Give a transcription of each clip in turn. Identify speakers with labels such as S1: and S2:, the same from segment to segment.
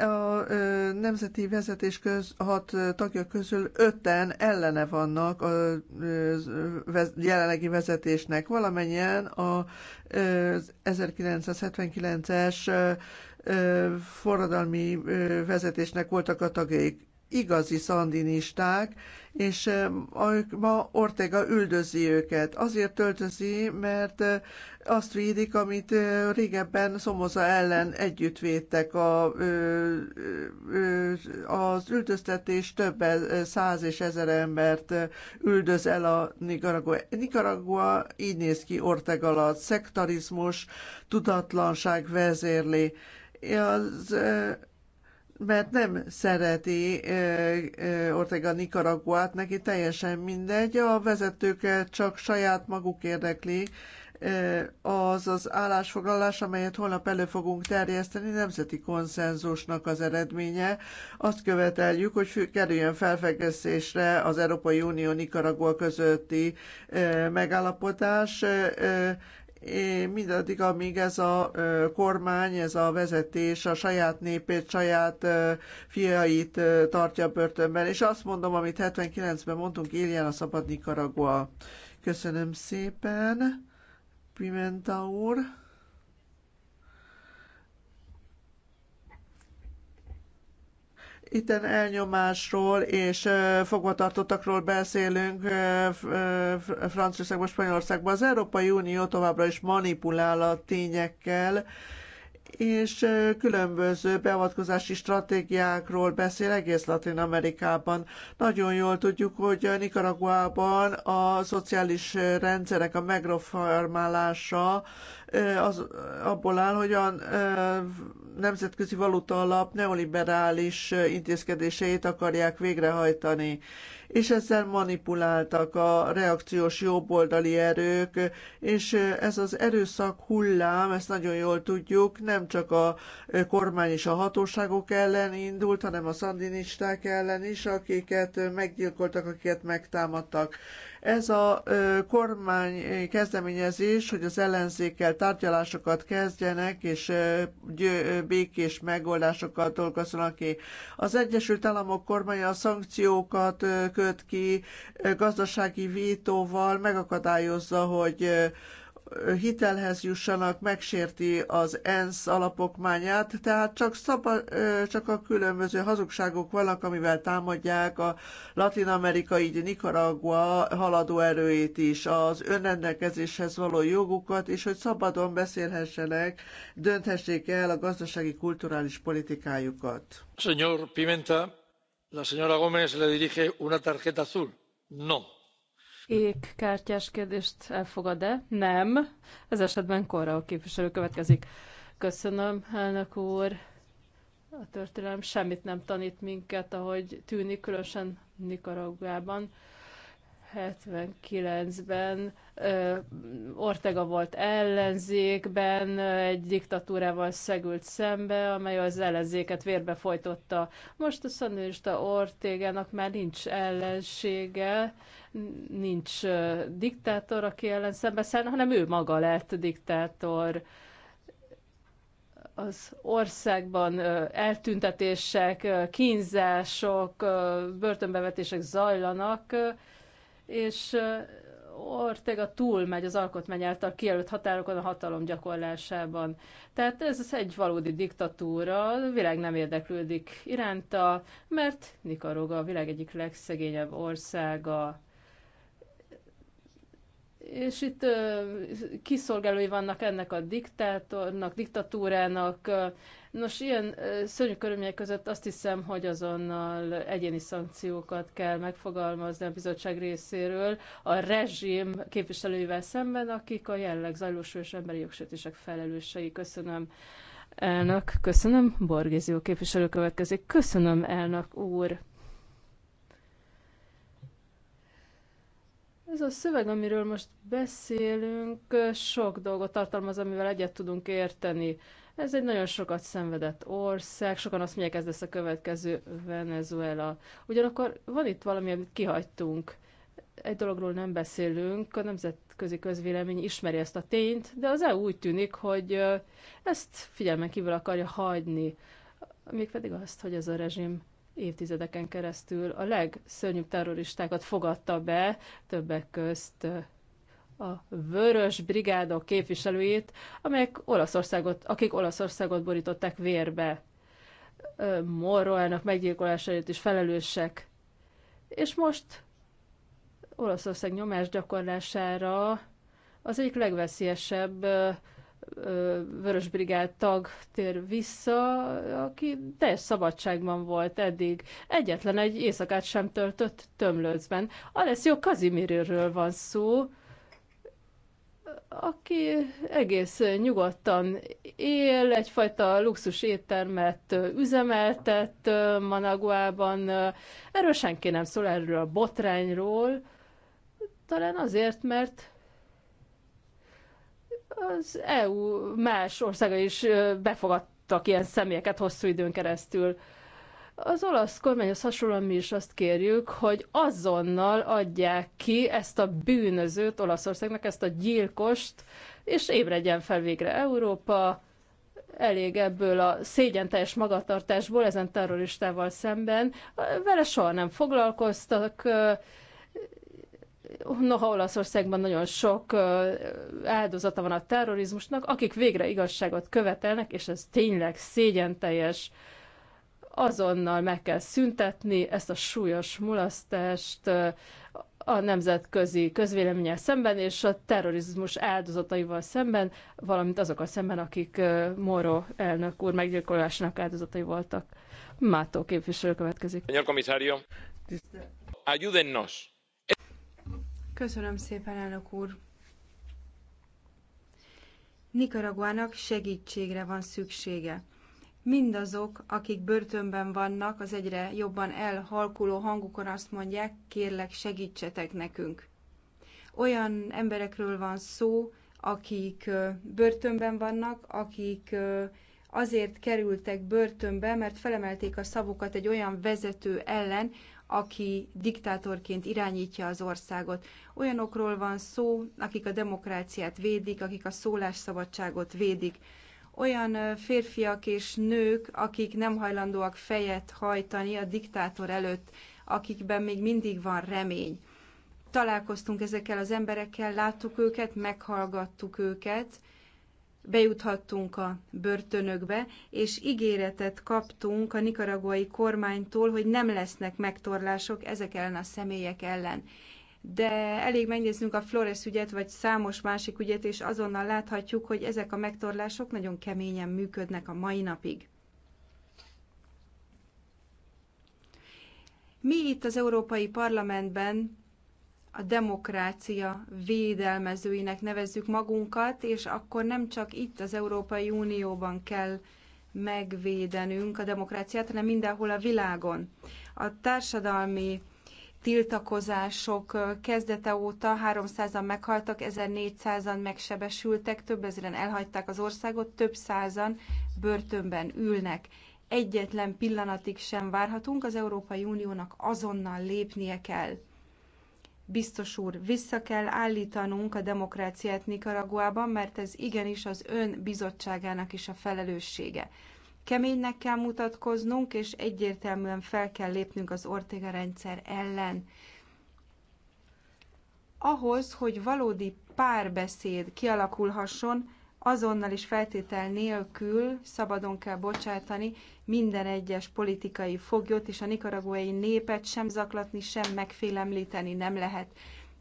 S1: A nemzeti vezetés köz, hat tagja közül öten ellene vannak a jelenlegi vezetésnek. Valamennyien a 1979-es forradalmi vezetésnek voltak a tagjaik igazi szandinisták, és ma Ortega üldözi őket. Azért töltözi, mert azt védik, amit régebben Szomoza ellen együtt védtek. A, az üldöztetés több száz és ezer embert üldöz el a Nicaragua. Nicaragua így néz ki Ortega alatt. Szektarizmus, tudatlanság vezérli. Az, mert nem szereti Ortega Nicaraguát, neki teljesen mindegy, a vezetőket csak saját maguk érdekli, az az állásfoglalás, amelyet holnap elő fogunk terjeszteni, nemzeti konszenzusnak az eredménye. Azt követeljük, hogy kerüljön felfegesztésre az Európai Unió Nicaragua közötti megállapodás, mindaddig, amíg ez a kormány, ez a vezetés a saját népét, saját fiait tartja börtönben. És azt mondom, amit 79-ben mondtunk, éljen a szabad Nicaragua. Köszönöm szépen, Pimenta úr. Itten elnyomásról és fogvatartottakról beszélünk Franciaországban, Spanyolországban. Az Európai Unió továbbra is manipulál a tényekkel, és különböző beavatkozási stratégiákról beszél egész Latin Amerikában. Nagyon jól tudjuk, hogy Nicaraguában a szociális rendszerek a megreformálása az abból áll, hogy a nemzetközi valuta alap neoliberális intézkedéseit akarják végrehajtani és ezzel manipuláltak a reakciós jobboldali erők, és ez az erőszak hullám, ezt nagyon jól tudjuk, nem csak a kormány és a hatóságok ellen indult, hanem a szandinisták ellen is, akiket meggyilkoltak, akiket megtámadtak. Ez a kormány kezdeményezés, hogy az ellenzékkel tárgyalásokat kezdjenek, és békés megoldásokat dolgozzanak ki. Az Egyesült Államok kormánya a szankciókat köt ki, gazdasági vétóval megakadályozza, hogy hitelhez jussanak, megsérti az ENSZ alapokmányát, tehát csak, szaba, csak a különböző hazugságok vannak, amivel támadják a latin így Nicaragua haladó erőit is, az önrendelkezéshez való jogukat, és hogy szabadon beszélhessenek, dönthessék el a gazdasági kulturális politikájukat. Señor Pimenta, la señora Gómez le dirige una tarjeta azul. No.
S2: Kék kártyás kérdést elfogad-e? Nem. Ez esetben korra a képviselő következik. Köszönöm, elnök úr. A történelem semmit nem tanít minket, ahogy tűnik, különösen Nikaragában. 79-ben Ortega volt ellenzékben, egy diktatúrával szegült szembe, amely az ellenzéket vérbe folytotta. Most a szanőista Ortegának már nincs ellensége, nincs diktátor, aki ellen szembe száll, hanem ő maga lett diktátor az országban eltüntetések, kínzások, börtönbevetések zajlanak, és Ortega megy az alkotmány által kijelölt határokon a hatalom gyakorlásában. Tehát ez egy valódi diktatúra, a világ nem érdeklődik iránta, mert Nicaragua a világ egyik legszegényebb országa. És itt kiszolgálói vannak ennek a diktátornak, diktatúrának, Nos, ilyen szörnyű körülmények között azt hiszem, hogy azonnal egyéni szankciókat kell megfogalmazni a bizottság részéről a rezsim képviselőivel szemben, akik a jelenleg zajlós és emberi jogsértések felelősei. Köszönöm. Elnök, köszönöm. Borgézió képviselő következik. Köszönöm, elnök úr. Ez a szöveg, amiről most beszélünk, sok dolgot tartalmaz, amivel egyet tudunk érteni. Ez egy nagyon sokat szenvedett ország, sokan azt mondják, ez lesz a következő Venezuela. Ugyanakkor van itt valami, amit kihagytunk. Egy dologról nem beszélünk, a nemzetközi közvélemény ismeri ezt a tényt, de az EU úgy tűnik, hogy ezt figyelmen kívül akarja hagyni. Mégpedig azt, hogy ez a rezsim évtizedeken keresztül a legszörnyűbb terroristákat fogadta be, többek közt a vörös brigádok képviselőit, amelyek Olaszországot, akik Olaszországot borították vérbe. Morroának meggyilkolásáért is felelősek. És most Olaszország nyomás gyakorlására az egyik legveszélyesebb vörös brigád tag tér vissza, aki teljes szabadságban volt eddig. Egyetlen egy éjszakát sem töltött tömlőcben. Alessio Kazimirről van szó, aki egész nyugodtan él, egyfajta luxus éttermet üzemeltet Managuában. Erről senki nem szól, erről a botrányról. Talán azért, mert az EU más országa is befogadtak ilyen személyeket hosszú időn keresztül. Az olasz kormányhoz hasonlóan mi is azt kérjük, hogy azonnal adják ki ezt a bűnözőt Olaszországnak, ezt a gyilkost, és ébredjen fel végre Európa, elég ebből a szégyenteljes magatartásból ezen terroristával szemben. Vele soha nem foglalkoztak, noha Olaszországban nagyon sok áldozata van a terrorizmusnak, akik végre igazságot követelnek, és ez tényleg szégyenteljes teljes azonnal meg kell szüntetni ezt a súlyos mulasztást a nemzetközi közvéleménnyel szemben és a terrorizmus áldozataival szemben, valamint azokkal szemben, akik Moro elnök úr meggyilkolásának áldozatai voltak. Mátó képviselő következik.
S1: Señor ayúdennos.
S3: Köszönöm szépen, elnök úr. Nikaraguának segítségre van szüksége. Mindazok, akik börtönben vannak, az egyre jobban elhalkuló hangukon azt mondják, kérlek segítsetek nekünk. Olyan emberekről van szó, akik börtönben vannak, akik azért kerültek börtönbe, mert felemelték a szavukat egy olyan vezető ellen, aki diktátorként irányítja az országot. Olyanokról van szó, akik a demokráciát védik, akik a szólásszabadságot védik olyan férfiak és nők, akik nem hajlandóak fejet hajtani a diktátor előtt, akikben még mindig van remény. Találkoztunk ezekkel az emberekkel, láttuk őket, meghallgattuk őket, bejuthattunk a börtönökbe, és ígéretet kaptunk a nikaraguai kormánytól, hogy nem lesznek megtorlások ezek ellen a személyek ellen de elég megnéznünk a Flores ügyet, vagy számos másik ügyet, és azonnal láthatjuk, hogy ezek a megtorlások nagyon keményen működnek a mai napig. Mi itt az Európai Parlamentben a demokrácia védelmezőinek nevezzük magunkat, és akkor nem csak itt az Európai Unióban kell megvédenünk a demokráciát, hanem mindenhol a világon. A társadalmi tiltakozások kezdete óta 300-an meghaltak, 1400-an megsebesültek, több ezeren elhagyták az országot, több százan börtönben ülnek. Egyetlen pillanatig sem várhatunk, az Európai Uniónak azonnal lépnie kell. Biztos úr, vissza kell állítanunk a demokráciát Nikaraguában, mert ez igenis az ön bizottságának is a felelőssége. Keménynek kell mutatkoznunk, és egyértelműen fel kell lépnünk az Ortega rendszer ellen. Ahhoz, hogy valódi párbeszéd kialakulhasson, azonnal is feltétel nélkül szabadon kell bocsátani minden egyes politikai foglyot, és a nikaraguai népet sem zaklatni, sem megfélemlíteni nem lehet.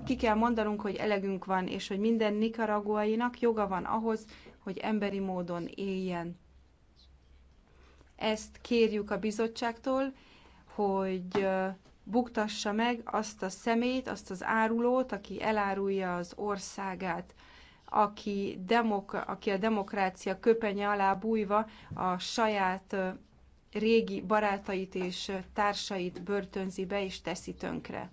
S3: Ki kell mondanunk, hogy elegünk van, és hogy minden nikaraguainak joga van ahhoz, hogy emberi módon éljen. Ezt kérjük a bizottságtól, hogy buktassa meg azt a szemét, azt az árulót, aki elárulja az országát, aki, demok- aki a demokrácia köpenye alá bújva a saját régi barátait és társait börtönzi be és teszi tönkre.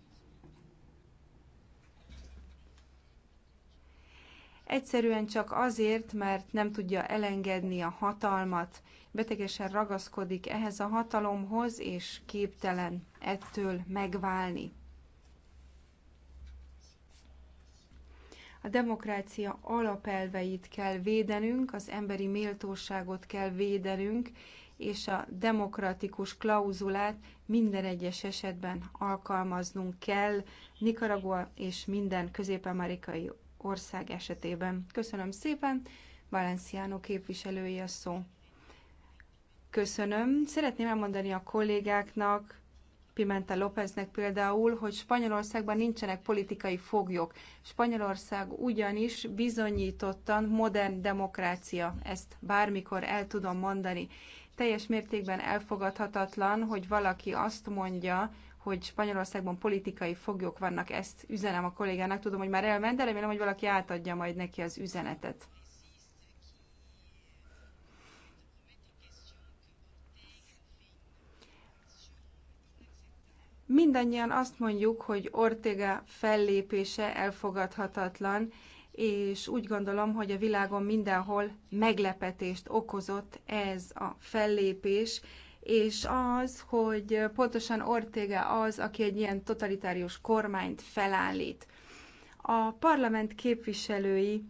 S3: egyszerűen csak azért, mert nem tudja elengedni a hatalmat, betegesen ragaszkodik ehhez a hatalomhoz, és képtelen ettől megválni. A demokrácia alapelveit kell védenünk, az emberi méltóságot kell védenünk, és a demokratikus klauzulát minden egyes esetben alkalmaznunk kell Nicaragua és minden közép-amerikai ország esetében. Köszönöm szépen, Valenciano képviselője a szó. Köszönöm. Szeretném elmondani a kollégáknak, Pimenta Lópeznek például, hogy Spanyolországban nincsenek politikai foglyok. Spanyolország ugyanis bizonyítottan modern demokrácia. Ezt bármikor el tudom mondani. Teljes mértékben elfogadhatatlan, hogy valaki azt mondja, hogy Spanyolországban politikai foglyok vannak, ezt üzenem a kollégának. Tudom, hogy már elment, de remélem, hogy valaki átadja majd neki az üzenetet. Mindannyian azt mondjuk, hogy Ortega fellépése elfogadhatatlan, és úgy gondolom, hogy a világon mindenhol meglepetést okozott ez a fellépés, és az, hogy pontosan Ortega az, aki egy ilyen totalitárius kormányt felállít. A parlament képviselői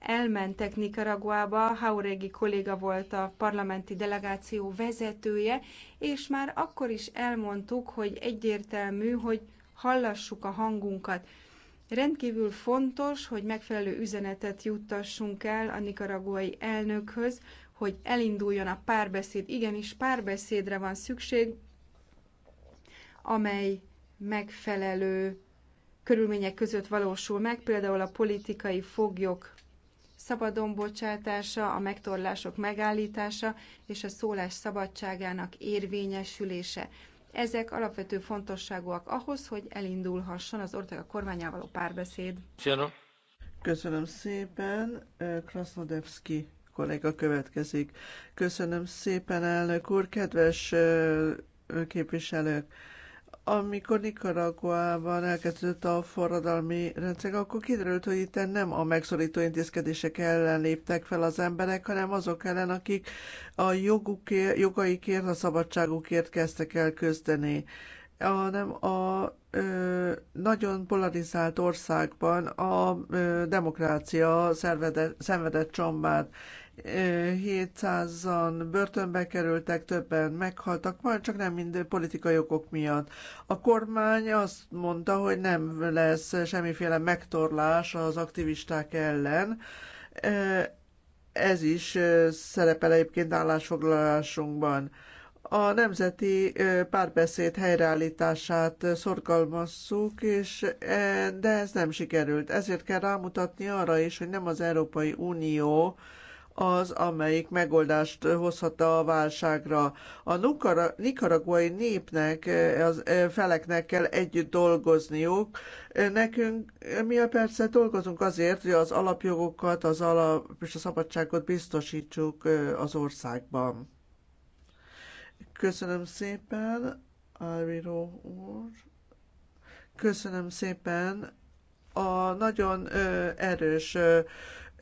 S3: elmentek Nicaraguába, Hauregi kolléga volt a parlamenti delegáció vezetője, és már akkor is elmondtuk, hogy egyértelmű, hogy hallassuk a hangunkat. Rendkívül fontos, hogy megfelelő üzenetet juttassunk el a nikaraguai elnökhöz, hogy elinduljon a párbeszéd. Igenis, párbeszédre van szükség, amely megfelelő körülmények között valósul meg, például a politikai foglyok szabadon bocsátása, a megtorlások megállítása és a szólás szabadságának érvényesülése. Ezek alapvető fontosságúak ahhoz, hogy elindulhasson az Ortega kormányával való párbeszéd.
S1: Köszönöm szépen, eh, Krasnodevski kolléga következik. Köszönöm szépen, elnök úr, kedves képviselők! amikor Nicaraguában elkezdődött a forradalmi rendszer, akkor kiderült, hogy itt nem a megszorító intézkedések ellen léptek fel az emberek, hanem azok ellen, akik a jogukért, jogaikért, a szabadságukért kezdtek el küzdeni hanem a ö, nagyon polarizált országban a ö, demokrácia szervede, szenvedett csombát. 700-an börtönbe kerültek, többen meghaltak, majd csak nem mind politikai okok miatt. A kormány azt mondta, hogy nem lesz semmiféle megtorlás az aktivisták ellen. Ez is szerepel egyébként állásfoglalásunkban. A nemzeti párbeszéd helyreállítását szorgalmazzuk, és, de ez nem sikerült. Ezért kell rámutatni arra is, hogy nem az Európai Unió, az, amelyik megoldást hozhat a válságra. A nikaraguai népnek, az feleknek kell együtt dolgozniuk. Nekünk, mi a persze dolgozunk azért, hogy az alapjogokat az alap, és a szabadságot biztosítsuk az országban. Köszönöm szépen, Alviro úr. Köszönöm szépen a nagyon erős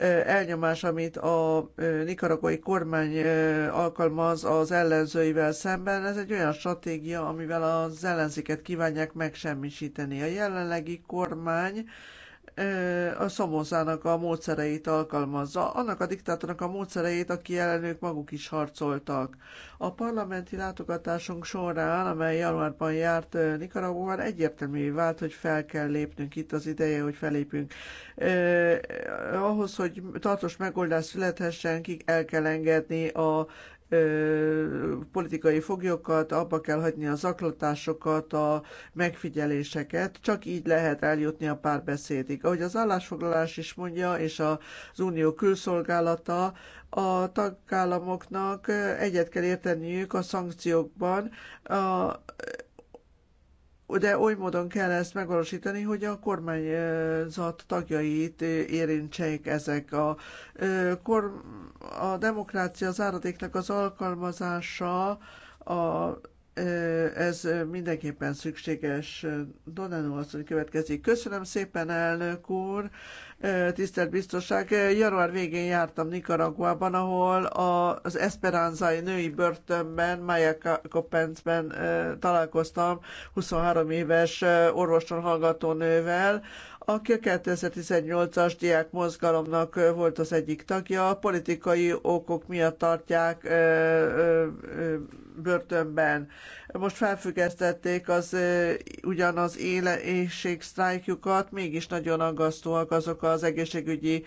S1: elnyomás, amit a nikaragói kormány alkalmaz az ellenzőivel szemben, ez egy olyan stratégia, amivel az ellenzéket kívánják megsemmisíteni. A jelenlegi kormány a szomozának a módszereit alkalmazza, annak a diktátornak a módszereit, aki ellenők maguk is harcoltak. A parlamenti látogatásunk során, amely januárban járt Nikaragóban, egyértelművé vált, hogy fel kell lépnünk itt az ideje, hogy felépünk. Eh, ahhoz, hogy tartós megoldás születhessen, kik el kell engedni a politikai foglyokat, abba kell hagyni a zaklatásokat, a megfigyeléseket, csak így lehet eljutni a párbeszédig. Ahogy az állásfoglalás is mondja, és az Unió külszolgálata, a tagállamoknak egyet kell érteniük a szankciókban, a, de oly módon kell ezt megvalósítani, hogy a kormányzat tagjait érintsék ezek. A, a demokrácia záradéknak az alkalmazása a ez mindenképpen szükséges. azt, hogy következik. Köszönöm szépen, elnök úr tisztelt biztonság, január végén jártam Nicaraguában, ahol az Esperanzai női börtönben, Maya Coppensben találkoztam 23 éves orvoson hallgató nővel, aki a 2018-as diák mozgalomnak volt az egyik tagja, politikai okok miatt tartják börtönben. Most felfüggesztették az ugyanaz éle éjségsztrájkjukat, mégis nagyon aggasztóak azok a az egészségügyi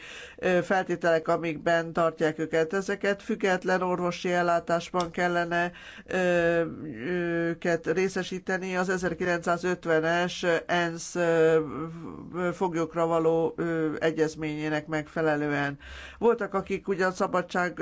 S1: feltételek, amikben tartják őket. Ezeket független orvosi ellátásban kellene őket részesíteni az 1950-es ENSZ foglyokra való egyezményének megfelelően. Voltak, akik ugyan szabadság,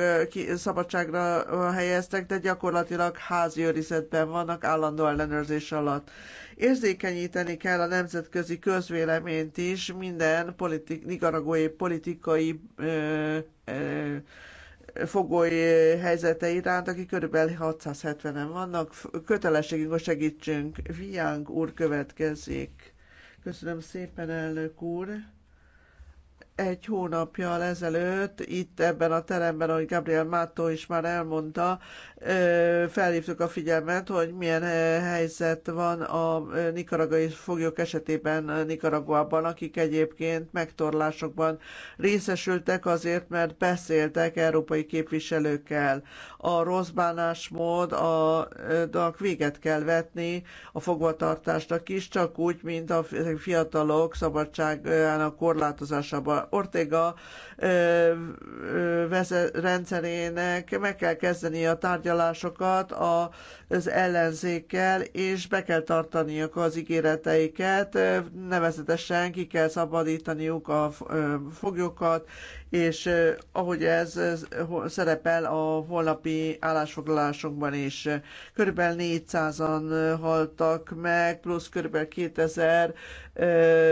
S1: szabadságra helyeztek, de gyakorlatilag házi őrizetben vannak, állandó ellenőrzés alatt. Érzékenyíteni kell a nemzetközi közvéleményt is minden politi- nigaragói politikai ö, ö, fogoly helyzete iránt, akik körülbelül 670-en vannak. Kötelességünk, hogy segítsünk. Viang úr következik. Köszönöm szépen, elnök úr. Egy hónapja ezelőtt itt ebben a teremben, ahogy Gabriel Mátó is már elmondta, felhívtuk a figyelmet, hogy milyen helyzet van a nikaragai foglyok esetében Nikaraguában, akik egyébként megtorlásokban részesültek azért, mert beszéltek európai képviselőkkel. A rossz bánásmód, a, a véget kell vetni a fogvatartásnak is, csak úgy, mint a fiatalok szabadságának korlátozásába. Ortega ö, rendszerének meg kell kezdeni a tárgyalásokat, tárgyalásokat az ellenzékkel, és be kell tartaniuk az ígéreteiket, nevezetesen ki kell szabadítaniuk a foglyokat, és ahogy ez szerepel a holnapi állásfoglalásunkban is. Körülbelül 400-an haltak meg, plusz körülbelül 2000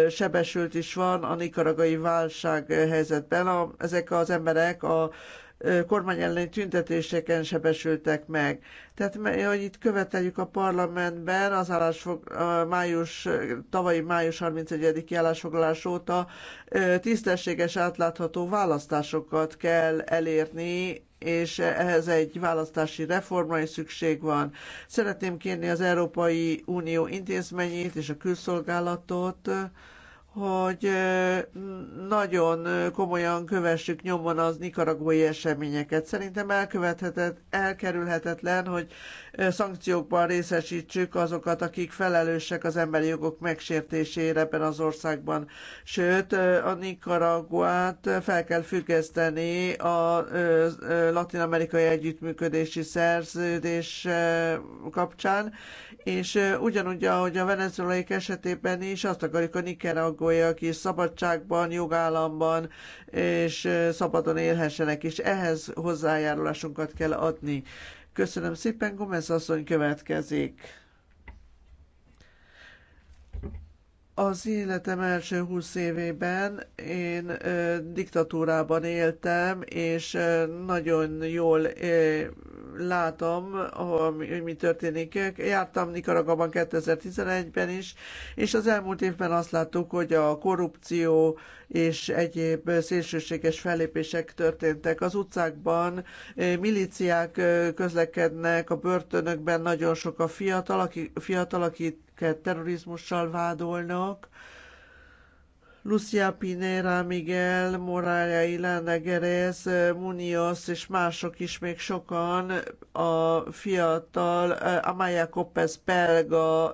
S1: sebesült is van a nikaragai válság helyzetben. ezek az emberek a kormány elleni tüntetéseken sebesültek meg. Tehát, hogy itt követeljük a parlamentben az állásfog, a május, tavalyi május 31-i állásfoglalás óta tisztességes, átlátható választásokat kell elérni, és ehhez egy választási reformra is szükség van. Szeretném kérni az Európai Unió intézményét és a külszolgálatot, hogy nagyon komolyan kövessük nyomon az nikaragói eseményeket. Szerintem elkövethetett, elkerülhetetlen, hogy szankciókban részesítsük azokat, akik felelősek az emberi jogok megsértésére ebben az országban. Sőt, a Nikaraguát fel kell függeszteni a latin-amerikai együttműködési szerződés kapcsán, és ugyanúgy, ahogy a venezuelai esetében is azt akarjuk, a Nicaragua bolygójak is szabadságban, jogállamban és szabadon élhessenek, és ehhez hozzájárulásunkat kell adni. Köszönöm szépen, Gomez asszony következik. Az életem első 20 évében én ö, diktatúrában éltem, és ö, nagyon jól ö, látom, hogy mi történik. Jártam Nikaragaban 2011-ben is, és az elmúlt évben azt láttuk, hogy a korrupció és egyéb szélsőséges fellépések történtek. Az utcákban eh, Miliciák eh, közlekednek, a börtönökben nagyon sok a fiatal, aki, fiatal akiket terrorizmussal vádolnak, Lucia Pinera, Miguel, Morália, Ilana Gerez, Munoz és mások is még sokan a fiatal Amaya Copes belga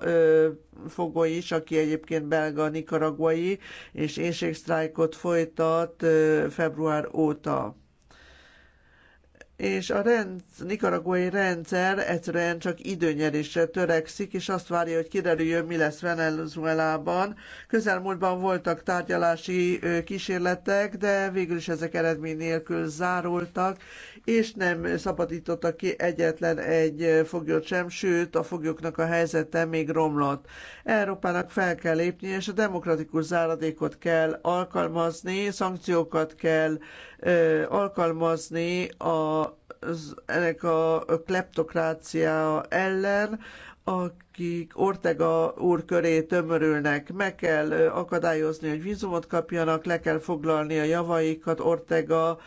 S1: fogoly is, aki egyébként belga, nikaraguai, és éjségsztrájkot folytat február óta és a rend, nikaraguai rendszer egyszerűen csak időnyerésre törekszik, és azt várja, hogy kiderüljön, mi lesz Venezuelában. Közelmúltban voltak tárgyalási kísérletek, de végül is ezek eredmény nélkül zárultak, és nem szabadítottak ki egyetlen egy foglyot sem, sőt, a foglyoknak a helyzete még romlott. Európának fel kell lépni, és a demokratikus záradékot kell alkalmazni, szankciókat kell ö, alkalmazni a az, ennek a kleptokrácia ellen, akik Ortega úr köré tömörülnek. Meg kell akadályozni, hogy vízumot kapjanak, le kell foglalni a javaikat Ortega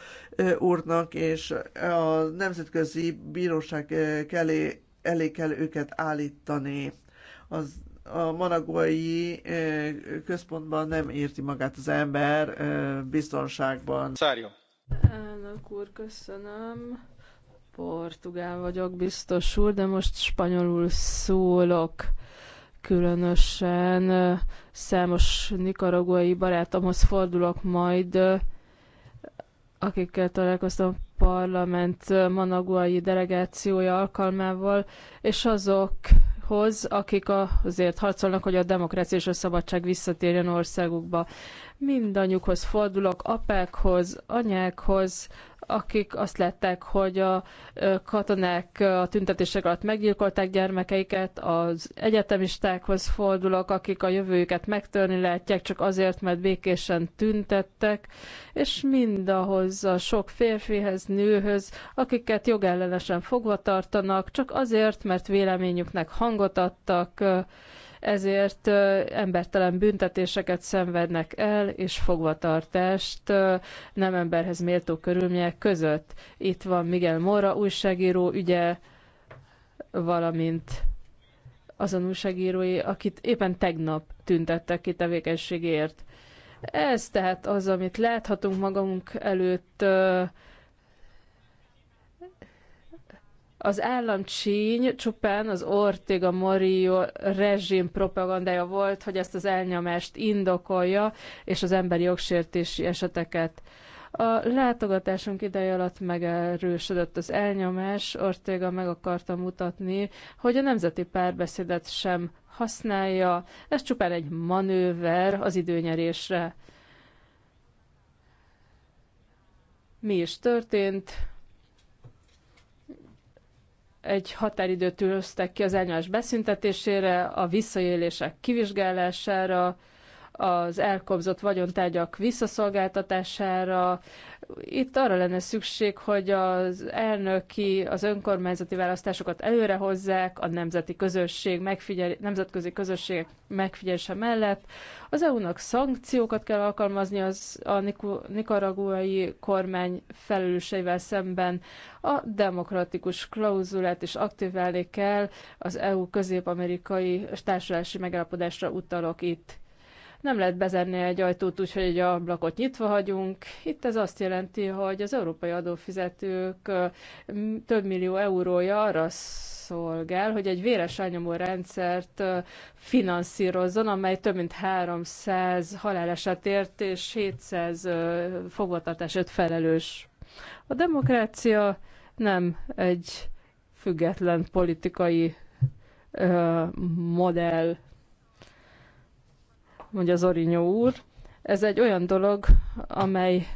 S1: úrnak, és a nemzetközi bíróság elé, elé kell őket állítani. Az a managuai központban nem érti magát az ember biztonságban. Szárjon!
S2: Elnök úr, köszönöm.
S1: Portugál vagyok, biztos
S2: úr, de most spanyolul szólok. Különösen számos nikaragói barátomhoz fordulok majd, akikkel találkoztam parlament managuai delegációja alkalmával, és azokhoz, akik azért harcolnak, hogy a demokrácia és a szabadság visszatérjen országukba mindannyiukhoz fordulok, apákhoz, anyákhoz, akik azt látták, hogy a katonák a tüntetések alatt meggyilkolták gyermekeiket, az egyetemistákhoz fordulok, akik a jövőjüket megtörni lehetják csak azért, mert békésen tüntettek, és mindahhoz a sok férfihez, nőhöz, akiket jogellenesen fogva tartanak, csak azért, mert véleményüknek hangot adtak, ezért embertelen büntetéseket szenvednek el, és fogvatartást nem emberhez méltó körülmények között. Itt van Miguel Mora újságíró ügye, valamint azon újságírói, akit éppen tegnap tüntettek ki tevékenységért. Ez tehát az, amit láthatunk magunk előtt, Az államcsíny csupán az Ortega Morillo rezsim propagandája volt, hogy ezt az elnyomást indokolja, és az emberi jogsértési eseteket. A látogatásunk ideje alatt megerősödött az elnyomás, Ortega meg akarta mutatni, hogy a nemzeti párbeszédet sem használja, ez csupán egy manőver az időnyerésre. Mi is történt? egy határidőt ülöztek ki az elnyomás beszüntetésére, a visszaélések kivizsgálására, az elkobzott vagyontárgyak visszaszolgáltatására. Itt arra lenne szükség, hogy az elnöki, az önkormányzati választásokat előrehozzák, a nemzeti közösség megfigyel, nemzetközi közösség megfigyelése mellett. Az EU-nak szankciókat kell alkalmazni az, a nikaraguai kormány felelőseivel szemben. A demokratikus klauzulát is aktiválni kell, az EU közép-amerikai társulási megállapodásra utalok itt nem lehet bezárni egy ajtót úgy, hogy egy ablakot nyitva hagyunk. Itt ez azt jelenti, hogy az európai adófizetők több millió eurója arra szolgál, hogy egy véres elnyomó rendszert finanszírozzon, amely több mint 300 halálesetért és 700 fogvatartásért felelős. A demokrácia nem egy független politikai modell mondja Zorinyó úr. Ez egy olyan dolog, amely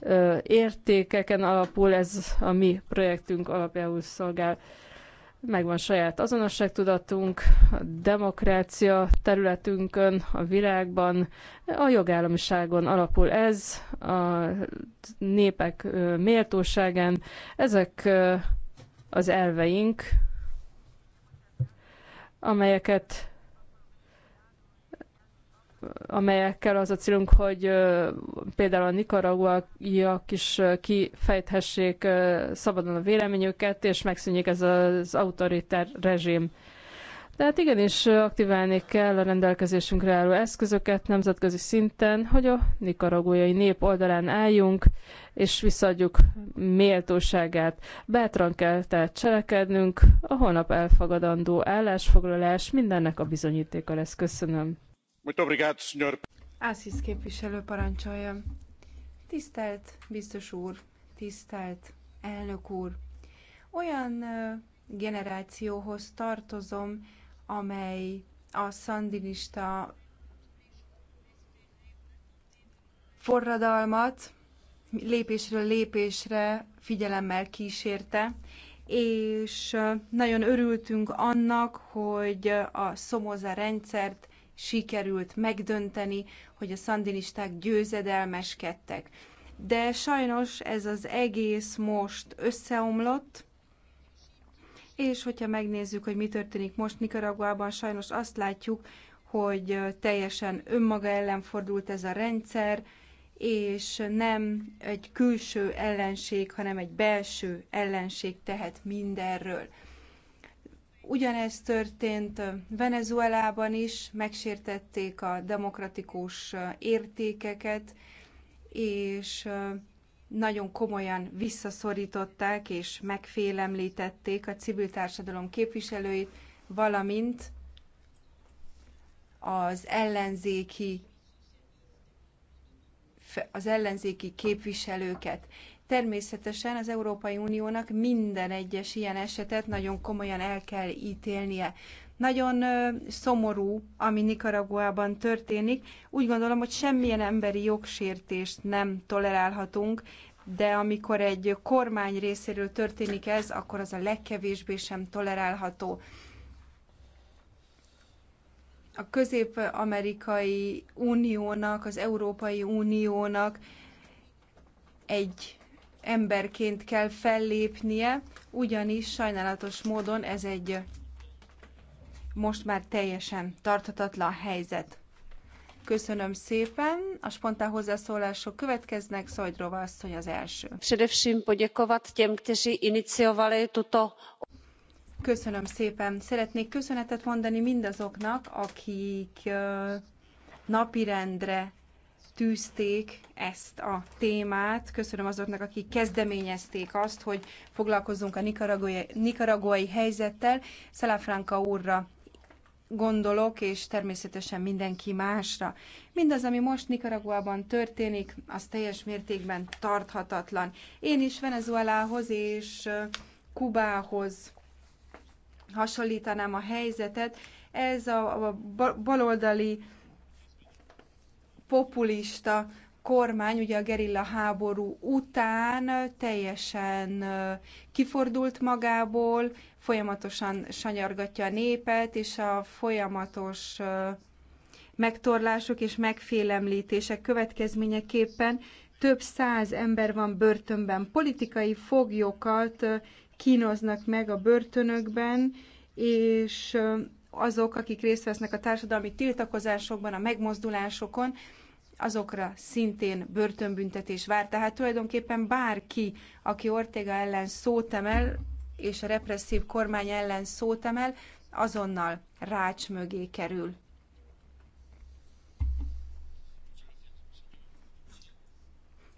S2: ö, értékeken alapul, ez a mi projektünk alapjául szolgál. Megvan saját azonosságtudatunk, a demokrácia területünkön, a világban, a jogállamiságon alapul ez, a népek ö, méltóságán. Ezek ö, az elveink, amelyeket amelyekkel az a célunk, hogy például a nikaraguaiak is kifejthessék szabadon a véleményüket, és megszűnjék ez az autoritár rezsim. Tehát igenis aktiválni kell a rendelkezésünkre álló eszközöket nemzetközi szinten, hogy a nikaraguai nép oldalán álljunk, és visszaadjuk méltóságát. Bátran kell tehát cselekednünk, a holnap elfogadandó állásfoglalás mindennek a bizonyítéka lesz. Köszönöm.
S3: Assis képviselő parancsolja. Tisztelt biztos úr, tisztelt elnök úr, olyan generációhoz tartozom, amely a szandinista forradalmat lépésről lépésre figyelemmel kísérte, és nagyon örültünk annak, hogy a szomoza rendszert sikerült megdönteni, hogy a szandinisták győzedelmeskedtek. De sajnos ez az egész most összeomlott, és hogyha megnézzük, hogy mi történik most Nikaraguában, sajnos azt látjuk, hogy teljesen önmaga ellen fordult ez a rendszer, és nem egy külső ellenség, hanem egy belső ellenség tehet mindenről. Ugyanez történt Venezuelában is, megsértették a demokratikus értékeket, és nagyon komolyan visszaszorították és megfélemlítették a civil társadalom képviselőit, valamint az ellenzéki az ellenzéki képviselőket. Természetesen az Európai Uniónak minden egyes ilyen esetet nagyon komolyan el kell ítélnie. Nagyon szomorú, ami Nikaraguában történik. Úgy gondolom, hogy semmilyen emberi jogsértést nem tolerálhatunk, de amikor egy kormány részéről történik ez, akkor az a legkevésbé sem tolerálható. A közép-amerikai uniónak, az Európai Uniónak egy emberként kell fellépnie, ugyanis sajnálatos módon ez egy most már teljesen tarthatatlan helyzet. Köszönöm szépen. A spontán hozzászólások következnek. azt asszony az első. Především poděkovat těm, kteří iniciovali tuto Köszönöm szépen. Szeretnék köszönetet mondani mindazoknak, akik napirendre tűzték ezt a témát. Köszönöm azoknak, akik kezdeményezték azt, hogy foglalkozzunk a nikaraguai, nikaraguai helyzettel. Szelafranka úrra gondolok, és természetesen mindenki másra. Mindaz, ami most Nikaraguában történik, az teljes mértékben tarthatatlan. Én is Venezuelához és Kubához hasonlítanám a helyzetet. Ez a baloldali populista kormány ugye a gerilla háború után teljesen kifordult magából, folyamatosan sanyargatja a népet, és a folyamatos megtorlások és megfélemlítések következményeképpen több száz ember van börtönben. Politikai foglyokat kínoznak meg a börtönökben, és azok, akik részt vesznek a társadalmi tiltakozásokban, a megmozdulásokon, azokra szintén börtönbüntetés vár. Tehát tulajdonképpen bárki, aki Ortega ellen szót emel, és a represszív kormány ellen szót emel, azonnal rács mögé kerül.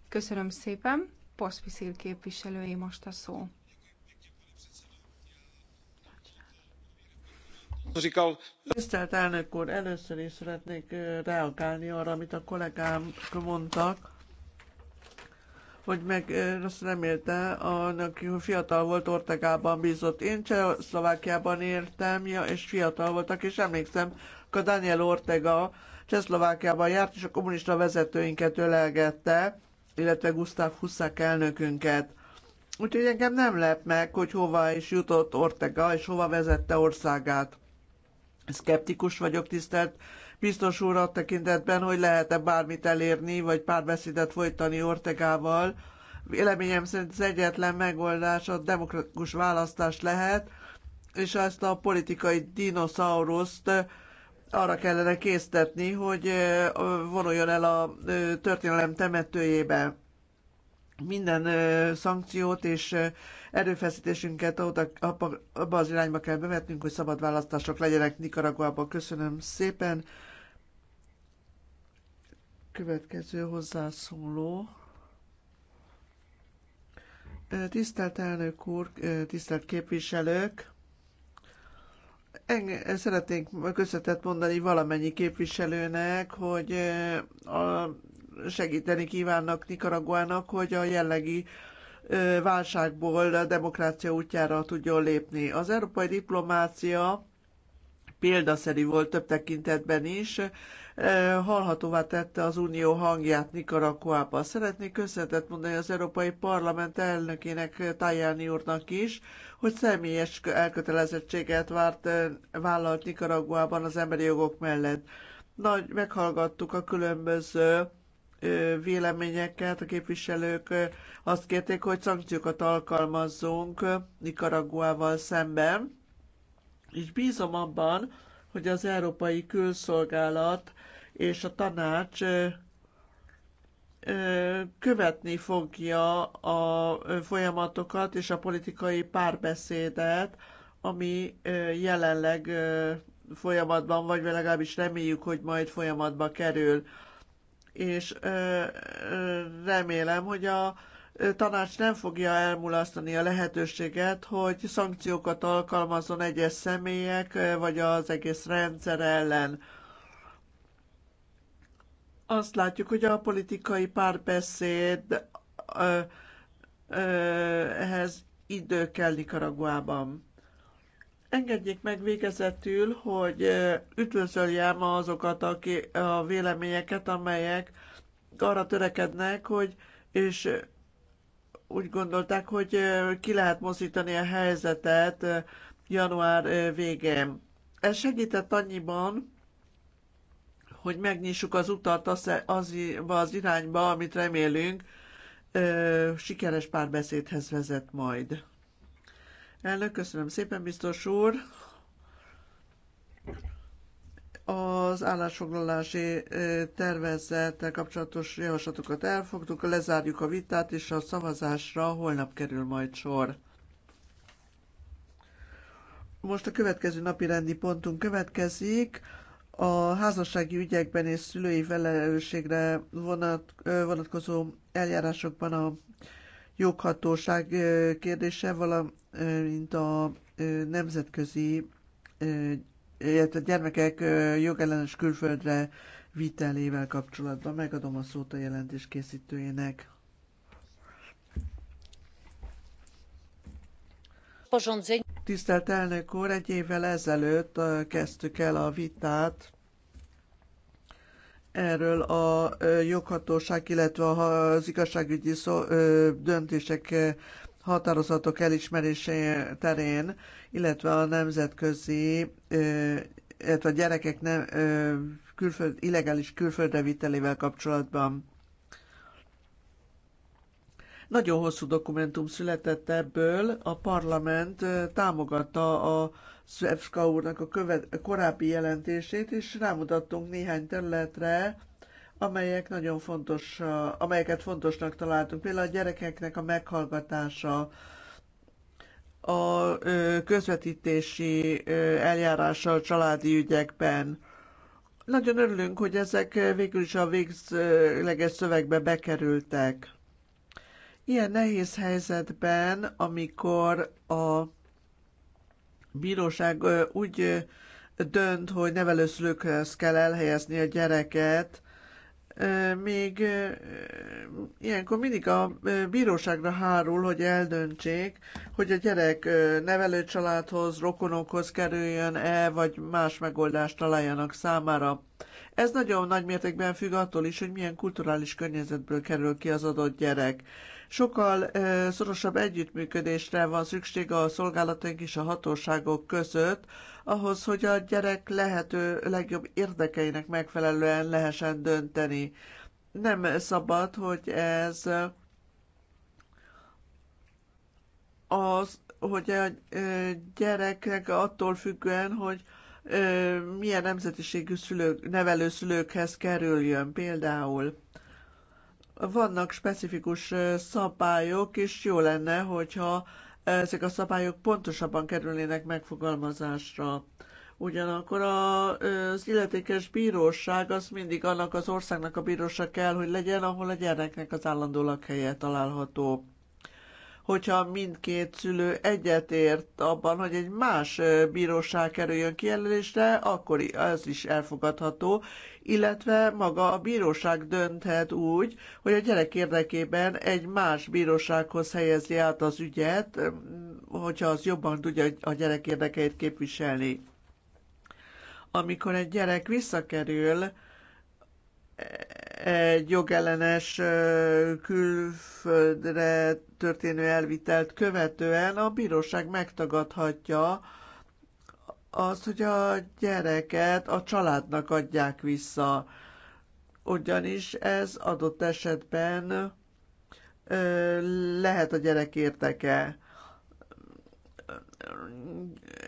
S3: Köszönöm szépen.
S1: Poszpiszil képviselői most a szó. Tisztelt elnök úr, először is szeretnék reagálni arra, amit a kollégám mondtak, hogy meg azt remélte, annak fiatal volt Ortegában bízott. Én Csehszlovákiában értem, ja, és fiatal voltak, és emlékszem, a Daniel Ortega Csehszlovákiában járt, és a kommunista vezetőinket ölelgette, illetve Gustav Huszák elnökünket. Úgyhogy engem nem lep meg, hogy hova is jutott Ortega, és hova vezette országát. Szkeptikus vagyok, tisztelt biztos úr a tekintetben, hogy lehet-e bármit elérni, vagy párbeszédet folytani Ortegával. Véleményem szerint az egyetlen megoldás a demokratikus választás lehet, és ezt a politikai dinoszauruszt arra kellene késztetni, hogy vonuljon el a történelem temetőjébe. Minden szankciót és erőfeszítésünket oda, abba, abba az irányba kell bevetnünk, hogy szabad választások legyenek Nikaraguában. Köszönöm szépen. Következő hozzászóló. Tisztelt elnök úr, tisztelt képviselők! Enge, szeretnénk köszönetet mondani valamennyi képviselőnek, hogy a, segíteni kívánnak Nikaraguának, hogy a jellegi válságból a demokrácia útjára tudjon lépni. Az európai diplomácia példaszerű volt több tekintetben is, hallhatóvá tette az unió hangját Nikarakuába. Szeretnék köszönetet mondani az Európai Parlament elnökének Tajani úrnak is, hogy személyes elkötelezettséget várt, vállalt Nikaraguában az emberi jogok mellett. Nagy, meghallgattuk a különböző véleményeket, a képviselők azt kérték, hogy szankciókat alkalmazzunk Nicaraguával szemben, és bízom abban, hogy az Európai Külszolgálat és a tanács követni fogja a folyamatokat és a politikai párbeszédet, ami jelenleg folyamatban, vagy legalábbis reméljük, hogy majd folyamatba kerül és remélem, hogy a tanács nem fogja elmulasztani a lehetőséget, hogy szankciókat alkalmazzon egyes személyek vagy az egész rendszer ellen. Azt látjuk, hogy a politikai párbeszéd ehhez idő kell Nikaraguában. Engedjék meg végezetül, hogy üdvözöljem azokat a, a véleményeket, amelyek arra törekednek, hogy és úgy gondolták, hogy ki lehet mozdítani a helyzetet január végén. Ez segített annyiban, hogy megnyissuk az utat az, az, az irányba, amit remélünk, sikeres párbeszédhez vezet majd. Elnök, köszönöm szépen, biztos úr. Az állásfoglalási tervezettel kapcsolatos javaslatokat elfogtuk, lezárjuk a vitát, és a szavazásra holnap kerül majd sor. Most a következő napi rendi pontunk következik. A házassági ügyekben és szülői felelősségre vonat, vonatkozó eljárásokban a joghatóság kérdése, valamint a nemzetközi, illetve gyermekek jogellenes külföldre vitelével kapcsolatban. Megadom a szót a jelentés készítőjének. Tisztelt elnök úr, egy évvel ezelőtt kezdtük el a vitát erről a joghatóság, illetve az igazságügyi szó, döntések határozatok elismerése terén, illetve a nemzetközi, illetve a gyerekek nem, külföld, illegális külföldre vitelével kapcsolatban. Nagyon hosszú dokumentum született ebből, a parlament támogatta a Szevska úrnak a, követ, a korábbi jelentését, és rámutattunk néhány területre, amelyek nagyon fontos, amelyeket fontosnak találtunk. Például a gyerekeknek a meghallgatása, a közvetítési eljárása a családi ügyekben. Nagyon örülünk, hogy ezek végül is a végleges szövegbe bekerültek. Ilyen nehéz helyzetben, amikor a bíróság úgy dönt, hogy nevelőszülőkhez kell elhelyezni a gyereket, még ilyenkor mindig a bíróságra hárul, hogy eldöntsék, hogy a gyerek nevelőcsaládhoz, rokonokhoz kerüljön-e, vagy más megoldást találjanak számára. Ez nagyon nagy mértékben függ attól is, hogy milyen kulturális környezetből kerül ki az adott gyerek. Sokkal szorosabb együttműködésre van szükség a szolgálataink és a hatóságok között, ahhoz, hogy a gyerek lehető legjobb érdekeinek megfelelően lehessen dönteni. Nem szabad, hogy ez az, hogy a gyerekek attól függően, hogy milyen nemzetiségű szülők, nevelőszülőkhez kerüljön például vannak specifikus szabályok, és jó lenne, hogyha ezek a szabályok pontosabban kerülnének megfogalmazásra. Ugyanakkor az illetékes bíróság az mindig annak az országnak a bírósa kell, hogy legyen, ahol a gyermeknek az állandó lakhelye található hogyha mindkét szülő egyetért abban, hogy egy más bíróság kerüljön kijelölésre, akkor ez is elfogadható, illetve maga a bíróság dönthet úgy, hogy a gyerek érdekében egy más bírósághoz helyezi át az ügyet, hogyha az jobban tudja a gyerek érdekeit képviselni. Amikor egy gyerek visszakerül egy jogellenes külföldre történő elvitelt követően a bíróság megtagadhatja azt, hogy a gyereket a családnak adják vissza. Ugyanis ez adott esetben lehet a gyerek érteke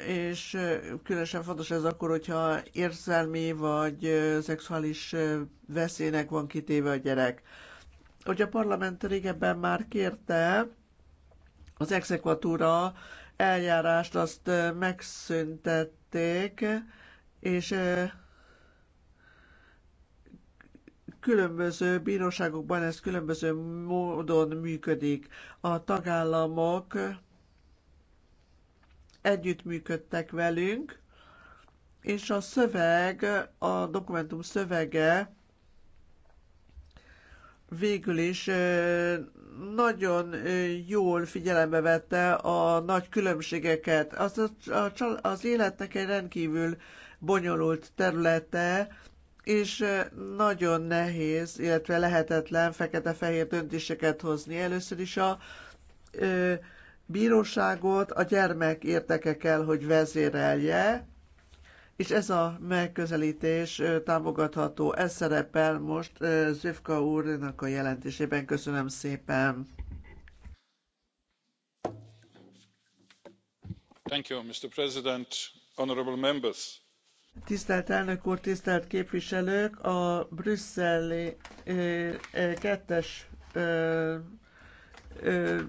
S1: és különösen fontos ez akkor, hogyha érzelmi vagy szexuális veszélynek van kitéve a gyerek. Hogy a parlament régebben már kérte, az exekvatúra eljárást azt megszüntették, és különböző bíróságokban ez különböző módon működik. A tagállamok együttműködtek velünk, és a szöveg, a dokumentum szövege végül is nagyon jól figyelembe vette a nagy különbségeket. Az, a, az életnek egy rendkívül bonyolult területe, és nagyon nehéz, illetve lehetetlen fekete-fehér döntéseket hozni. Először is a ö, bíróságot a gyermek érdeke kell, hogy vezérelje, és ez a megközelítés támogatható. Ez szerepel most Zövka úrnak a jelentésében. Köszönöm szépen.
S3: Thank you, Mr. President, honorable members.
S1: Tisztelt elnök úr, tisztelt képviselők! A brüsszeli eh, kettes eh, eh,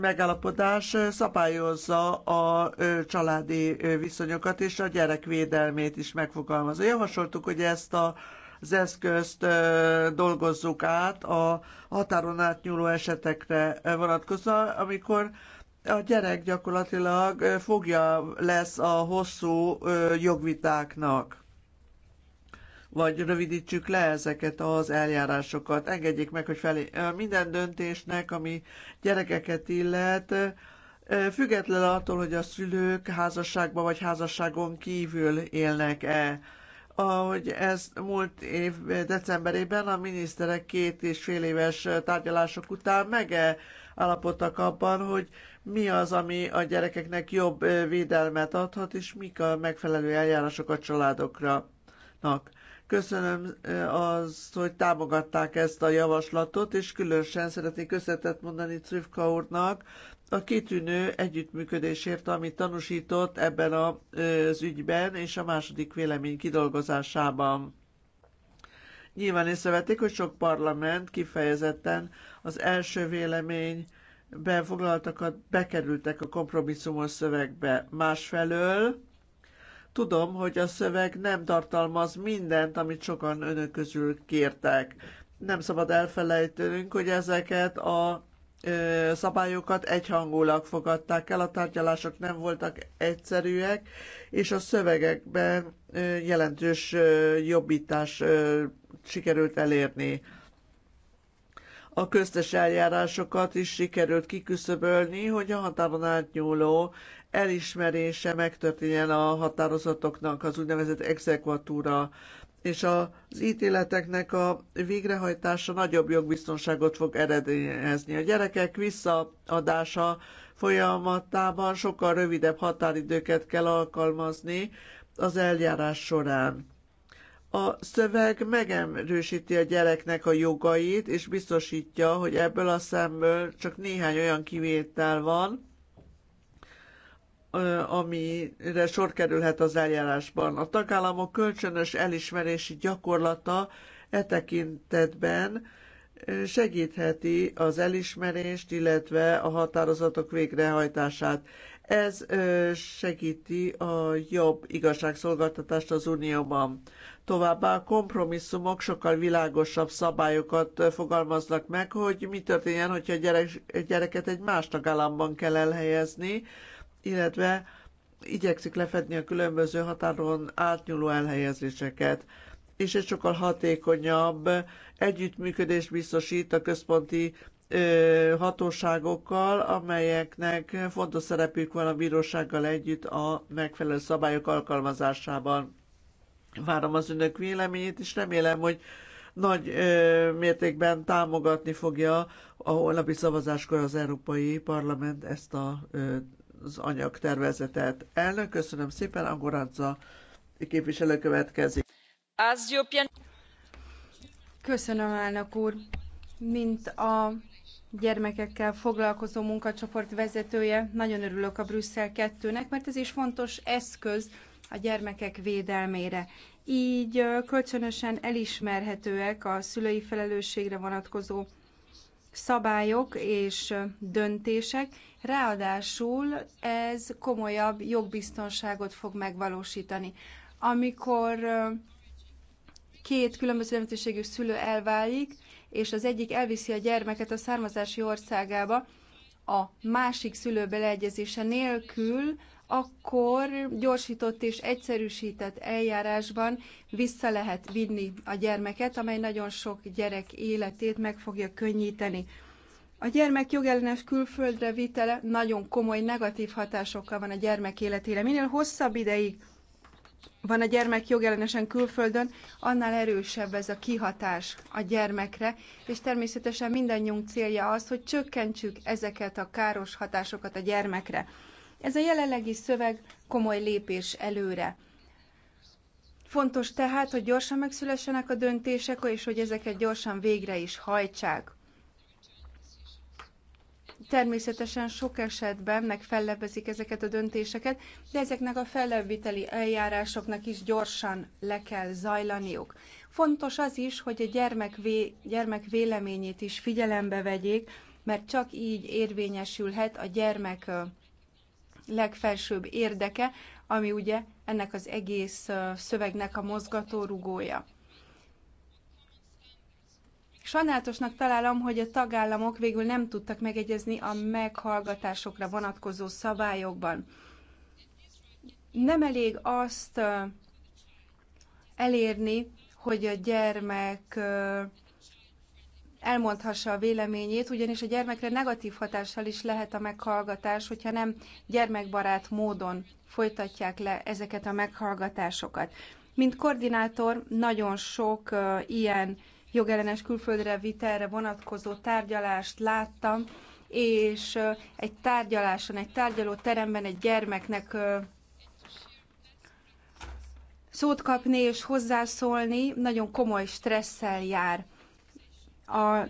S1: megállapodás szabályozza a családi viszonyokat és a gyerekvédelmét is megfogalmazza. Javasoltuk, hogy ezt a az eszközt dolgozzuk át a határon átnyúló esetekre vonatkozóan, amikor a gyerek gyakorlatilag fogja lesz a hosszú jogvitáknak vagy rövidítsük le ezeket az eljárásokat. Engedjék meg, hogy felé, minden döntésnek, ami gyerekeket illet, független attól, hogy a szülők házasságban vagy házasságon kívül élnek-e. Ahogy ez múlt év decemberében a miniszterek két és fél éves tárgyalások után megállapodtak abban, hogy mi az, ami a gyerekeknek jobb védelmet adhat, és mik a megfelelő eljárások a családoknak. Köszönöm eh, azt, hogy támogatták ezt a javaslatot, és különösen szeretnék köszönetet mondani Czivka úrnak a kitűnő együttműködésért, amit tanúsított ebben eh, az ügyben és a második vélemény kidolgozásában. Nyilván észrevették, hogy sok parlament kifejezetten az első vélemény befoglaltakat bekerültek a kompromisszumos szövegbe. Másfelől Tudom, hogy a szöveg nem tartalmaz mindent, amit sokan önök közül kértek. Nem szabad elfelejtenünk, hogy ezeket a szabályokat egyhangulag fogadták el, a tárgyalások nem voltak egyszerűek, és a szövegekben jelentős jobbítás sikerült elérni. A köztes eljárásokat is sikerült kiküszöbölni, hogy a határon átnyúló elismerése megtörténjen a határozatoknak, az úgynevezett exekvatúra, és az ítéleteknek a végrehajtása nagyobb jogbiztonságot fog eredményezni. A gyerekek visszaadása folyamatában sokkal rövidebb határidőket kell alkalmazni az eljárás során. A szöveg megerősíti a gyereknek a jogait, és biztosítja, hogy ebből a szemből csak néhány olyan kivétel van, amire sor kerülhet az eljárásban. A tagállamok kölcsönös elismerési gyakorlata e tekintetben segítheti az elismerést, illetve a határozatok végrehajtását. Ez segíti a jobb igazságszolgáltatást az Unióban. Továbbá a kompromisszumok sokkal világosabb szabályokat fogalmaznak meg, hogy mi történjen, hogyha a gyerek, gyereket egy más tagállamban kell elhelyezni, illetve igyekszik lefedni a különböző határon átnyúló elhelyezéseket és egy sokkal hatékonyabb együttműködést biztosít a központi hatóságokkal, amelyeknek fontos szerepük van a bírósággal együtt a megfelelő szabályok alkalmazásában. Várom az önök véleményét, és remélem, hogy nagy ö, mértékben támogatni fogja a holnapi szavazáskor az Európai Parlament ezt a ö, az anyagtervezetet. Elnök, köszönöm szépen, Angoranza képviselő következik.
S3: Köszönöm, elnök úr. Mint a gyermekekkel foglalkozó munkacsoport vezetője, nagyon örülök a Brüsszel 2-nek, mert ez is fontos eszköz a gyermekek védelmére. Így kölcsönösen elismerhetőek a szülői felelősségre vonatkozó szabályok és döntések, ráadásul ez komolyabb jogbiztonságot fog megvalósítani. Amikor két különböző nemzetiségű szülő elválik, és az egyik elviszi a gyermeket a származási országába, a másik szülő beleegyezése nélkül akkor gyorsított és egyszerűsített eljárásban vissza lehet vinni a gyermeket, amely nagyon sok gyerek életét meg fogja könnyíteni. A gyermek jogellenes külföldre vitele nagyon komoly negatív hatásokkal van a gyermek életére. Minél hosszabb ideig van a gyermek jogellenesen külföldön, annál erősebb ez a kihatás a gyermekre, és természetesen mindannyiunk célja az, hogy csökkentsük ezeket a káros hatásokat a gyermekre. Ez a jelenlegi szöveg komoly lépés előre. Fontos tehát, hogy gyorsan megszülessenek a döntések, és hogy ezeket gyorsan végre is hajtsák. Természetesen sok esetben megfellebbezik ezeket a döntéseket, de ezeknek a fellebbviteli eljárásoknak is gyorsan le kell zajlaniuk. Fontos az is, hogy a gyermek, vé- gyermek véleményét is figyelembe vegyék, mert csak így érvényesülhet a gyermek legfelsőbb érdeke, ami ugye ennek az egész szövegnek a mozgatórugója. Sajnálatosnak találom, hogy a tagállamok végül nem tudtak megegyezni a meghallgatásokra vonatkozó szabályokban. Nem elég azt elérni, hogy a gyermek elmondhassa a véleményét, ugyanis a gyermekre negatív hatással is lehet a meghallgatás, hogyha nem gyermekbarát módon folytatják le ezeket a meghallgatásokat. Mint koordinátor nagyon sok uh, ilyen jogellenes külföldre vitelre vonatkozó tárgyalást láttam, és uh, egy tárgyaláson, egy tárgyaló teremben egy gyermeknek uh, szót kapni és hozzászólni nagyon komoly stresszel jár a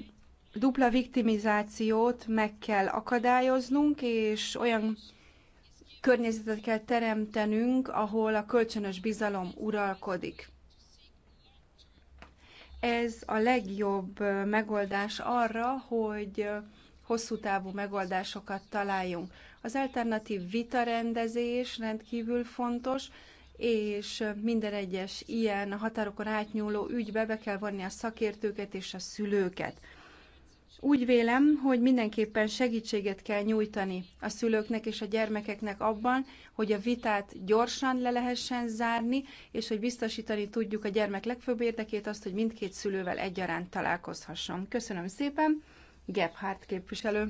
S3: dupla viktimizációt meg kell akadályoznunk, és olyan környezetet kell teremtenünk, ahol a kölcsönös bizalom uralkodik. Ez a legjobb megoldás arra, hogy hosszú távú megoldásokat találjunk. Az alternatív vitarendezés rendkívül fontos, és minden egyes ilyen a határokon átnyúló ügybe be kell vonni a szakértőket és a szülőket. Úgy vélem, hogy mindenképpen segítséget kell nyújtani a szülőknek és a gyermekeknek abban, hogy a vitát gyorsan le lehessen zárni, és hogy biztosítani tudjuk a gyermek legfőbb érdekét, azt, hogy mindkét szülővel egyaránt találkozhasson. Köszönöm szépen! Gebhardt képviselő.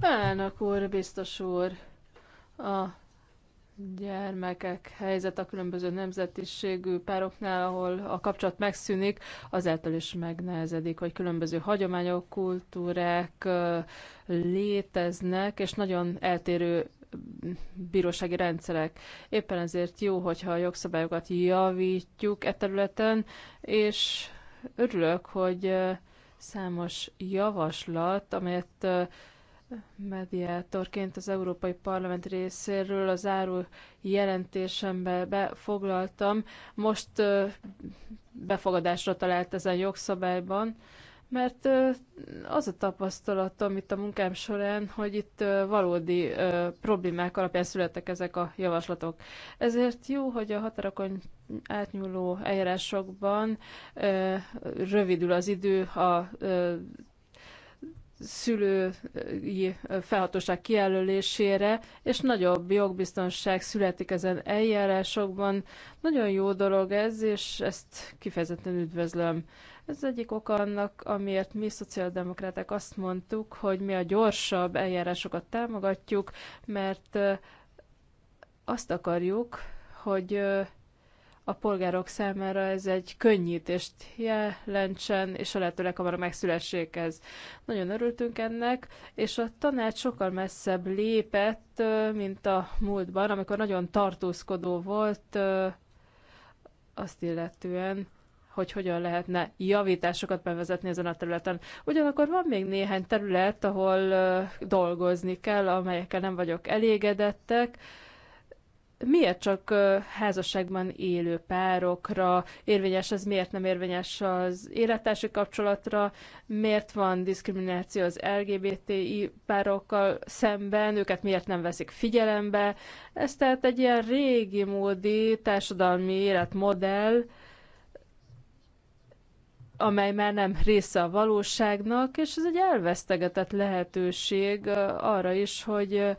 S3: Elnök úr, biztos úr, a
S2: gyermekek helyzet a különböző nemzetiségű pároknál, ahol a kapcsolat megszűnik, azáltal is megnehezedik, hogy különböző hagyományok, kultúrák léteznek, és nagyon eltérő bírósági rendszerek. Éppen ezért jó, hogyha a jogszabályokat javítjuk e területen, és örülök, hogy számos javaslat, amelyet mediátorként az Európai Parlament részéről az áru jelentésembe befoglaltam. Most befogadásra talált ezen jogszabályban, mert az a tapasztalatom itt a munkám során, hogy itt valódi problémák alapján születtek ezek a javaslatok. Ezért jó, hogy a határokon átnyúló eljárásokban rövidül az idő a szülői felhatóság kijelölésére, és nagyobb jogbiztonság születik ezen eljárásokban. Nagyon jó dolog ez, és ezt kifejezetten üdvözlöm. Ez egyik oka annak, amiért mi szociáldemokraták azt mondtuk, hogy mi a gyorsabb eljárásokat támogatjuk, mert azt akarjuk, hogy a polgárok számára ez egy könnyítést jelentsen, és a lehető leghamarabb megszülessék ez. Nagyon örültünk ennek, és a tanács sokkal messzebb lépett, mint a múltban, amikor nagyon tartózkodó volt azt illetően, hogy hogyan lehetne javításokat bevezetni ezen a területen. Ugyanakkor van még néhány terület, ahol dolgozni kell, amelyekkel nem vagyok elégedettek, miért csak házasságban élő párokra érvényes ez, miért nem érvényes az élettársi kapcsolatra, miért van diszkrimináció az LGBTI párokkal szemben, őket miért nem veszik figyelembe. Ez tehát egy ilyen régi módi társadalmi életmodell, amely már nem része a valóságnak, és ez egy elvesztegetett lehetőség arra is, hogy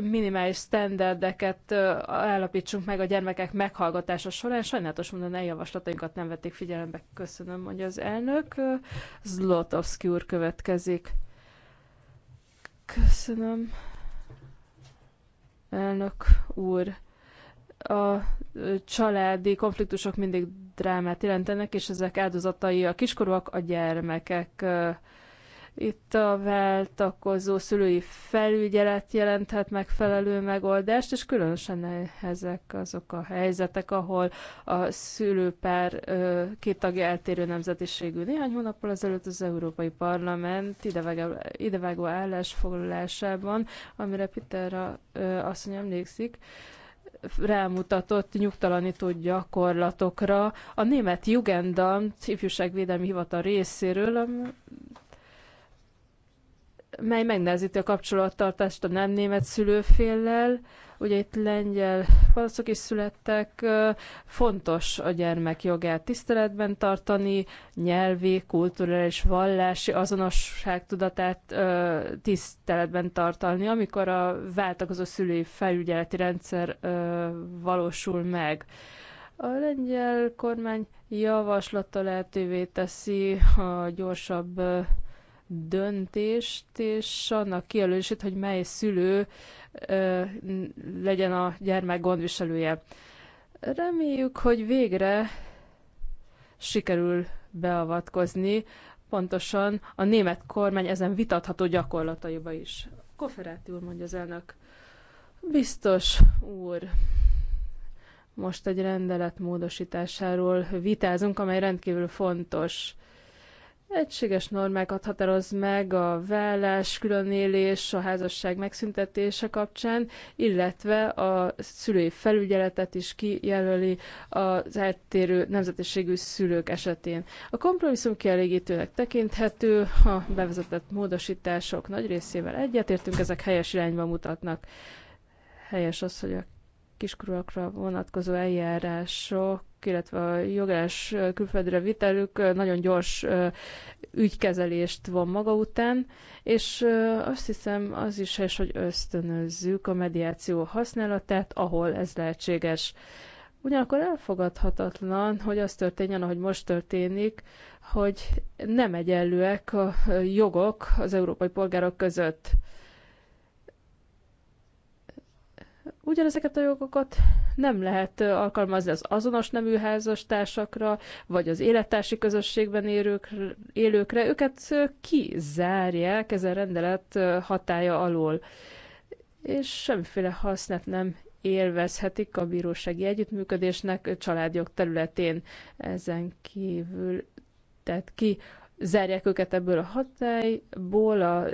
S2: minimális standardeket állapítsunk meg a gyermekek meghallgatása során. Sajnálatos módon eljavaslatainkat nem vették figyelembe. Köszönöm, hogy az elnök. Zlotowski úr következik. Köszönöm, elnök úr. A családi konfliktusok mindig drámát jelentenek, és ezek áldozatai a kiskorúak, a gyermekek. Itt a váltakozó szülői felügyelet jelenthet megfelelő megoldást, és különösen ezek azok a helyzetek, ahol a szülőpár két tagja eltérő nemzetiségű. Néhány hónappal ezelőtt az Európai Parlament idevágó állásfoglalásában, amire Peter asszony emlékszik, rámutatott nyugtalanító gyakorlatokra a német Jugendamt ifjúságvédelmi hivatal részéről, mely megnehezíti a kapcsolattartást a nem német szülőféllel. Ugye itt lengyel panaszok is születtek. Fontos a gyermek jogát tiszteletben tartani, nyelvi, kulturális, vallási azonosság tudatát tiszteletben tartani, amikor a váltakozó szülői felügyeleti rendszer valósul meg. A lengyel kormány javaslata lehetővé teszi a gyorsabb döntést, és annak kijelölését, hogy mely szülő ö, legyen a gyermek gondviselője. Reméljük, hogy végre sikerül beavatkozni pontosan a német kormány ezen vitatható gyakorlataiba is. Koferáti úr mondja az elnök. Biztos úr, most egy rendelet módosításáról vitázunk, amely rendkívül fontos. Egységes normákat határoz meg a vállás, különélés, a házasság megszüntetése kapcsán, illetve a szülői felügyeletet is kijelöli az eltérő nemzetiségű szülők esetén. A kompromisszum kielégítőnek tekinthető, a bevezetett módosítások nagy részével egyetértünk, ezek helyes irányba mutatnak. Helyes az, hogy a kiskorúakra vonatkozó eljárások, illetve a jogás külföldre vitelük nagyon gyors ügykezelést von maga után, és azt hiszem az is helyes, hogy ösztönözzük a mediáció használatát, ahol ez lehetséges. Ugyanakkor elfogadhatatlan, hogy az történjen, ahogy most történik, hogy nem egyenlőek a jogok az európai polgárok között ugyanezeket a jogokat nem lehet alkalmazni az azonos nemű házastársakra, vagy az élettársi közösségben élők, élőkre. Őket kizárják ezen rendelet hatája alól. És semmiféle hasznát nem élvezhetik a bírósági együttműködésnek családjog területén. Ezen kívül tehát ki zárják őket ebből a hatályból, a